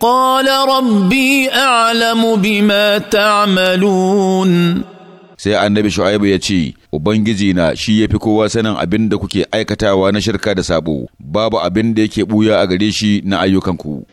قال ربي أعلم بما تعملون sai annabi shu'aibu ya ce ubangiji na shi ya fi kowa sanin abin da kuke aikatawa na shirka da saɓo, babu abin da yake ɓuya a gare shi na ayyukanku